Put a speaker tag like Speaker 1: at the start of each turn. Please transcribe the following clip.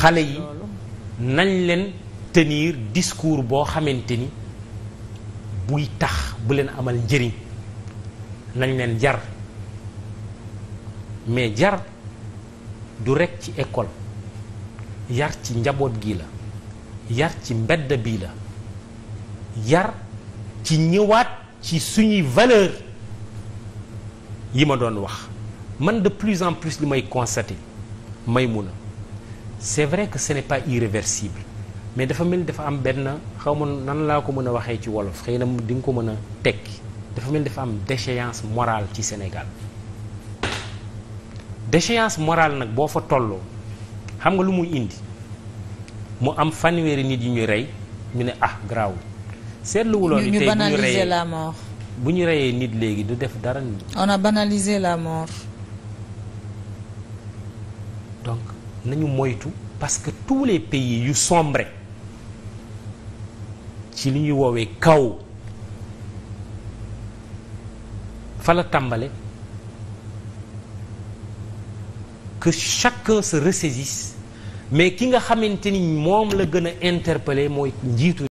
Speaker 1: xale yi
Speaker 2: nañ leen tenir discours boo xamante ni buy tax bu leen amal njëriñ nañ leen jar mais jar du rekk ci école yar ci njaboot gi la yar ci mbedd bi la yar ci ñëwaat ci suñuy valeur yi ma doon wax man de plus en plus li may constater may mun a c'est vrai que ce n'est pas irréversible mais dafa mel dafa am benn xaw ma nan laa ko mën a waxee ci wolof xëy na di nga ko mën a tekki dafa mel dafa am déchéance morale ci Sénégal déchéance morale nag boo fa tolloo xam nga lu mu indi mu am fanweeri nit yi ñu rey ñu ne ah garaaw seetluwuloo ni tey ñu reyee la mort bu ñu reyee nit léegi du def dara.
Speaker 1: on a banalisé la mort
Speaker 2: donc. nañu moytu parce que tous les pays yu sombre ci li ñuy woowee kaw fa la tàmbale que chacun sa ressaisisse mais ki nga xamante ni moom la gën a interpellé mooy njiitu